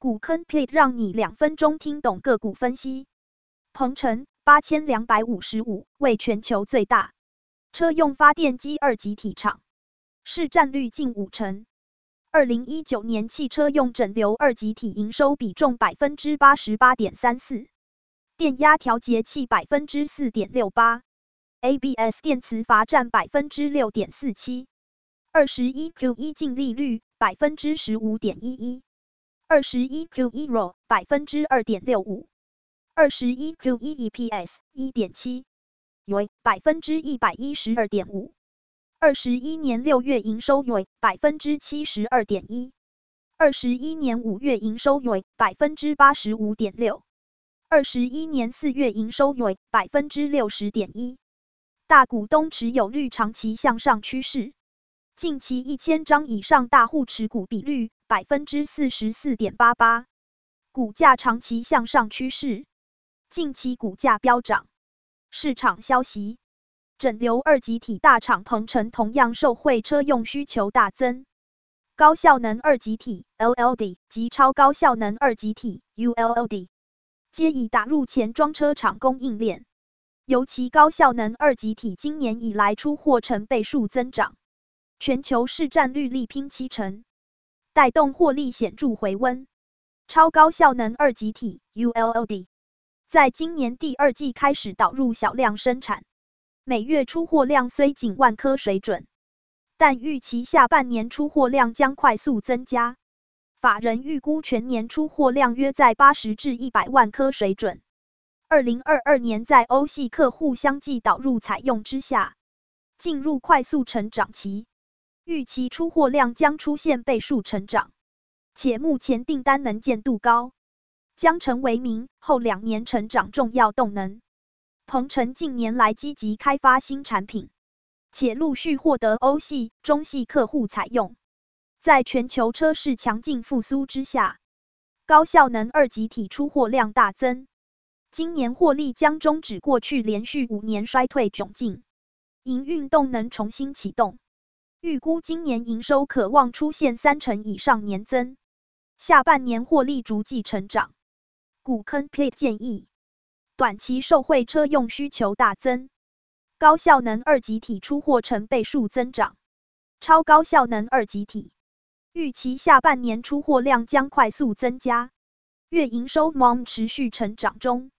股坑 plate 讓你兩分鐘聽懂個股分析。朋程八千兩百五十五為全球最大車用發電機二極體廠，市占率近五成。二零一九年汽車用整流二極體營收比重百分之八十八點三四，電壓調節器百分之四點六八，ABS 電磁閥占百分之六點四七，二十一 Q 一淨利率百分之十五點一一。二十一 Q E RO 百分之二點六五，二十一 Q E EPS 一點七，YoY 百分之一百一十二點五，二十一年六月營收 YoY 百分之七十二點一，二十一年五月營收 YoY 百分之八十五點六，二十一年四月營收 YoY 百分之六十點一，大股東持有率長期向上趨勢。近期一千張以上大戶持股比率百分之四十四點八八，股價長期向上趨勢，近期股價飆漲。市場消息，整流二極體大廠朋程同樣受惠車用需求大增，高效能二極體 LLD 及超高效能二極體 ULLD 皆已打入前裝車廠供應鏈，尤其高效能二極體今年以來出貨呈倍數增長。全球市占率力拼七成，帶動獲利顯著回溫。超高效能二極體 ULLD 在今年第二季開始導入小量生產，每月出貨量雖僅萬顆水準，但預期下半年出貨量將快速增加。法人預估全年出貨量約在八十至一百萬顆水準。二零二二年在歐系客戶相繼導入採用之下，進入快速成長期。預期出貨量將出現倍數成長，且目前訂單能見度高，將成為明後兩年成長重要動能。朋程近年來積極開發新產品，且陸續獲得歐系、中系客戶採用。在全球車市強勁復甦之下，高效能二極體出貨量大增，今年獲利將終止過去連續五年衰退窘境，營運動能重新啟動。預估今年營收可望出現三成以上年增，下半年獲利逐季成長。股坑 plate 建議，短期受惠車用需求大增，高效能二極體出貨呈倍數增長，超高效能二極體預期下半年出貨量將快速增加，月營收 mom 持續成長中。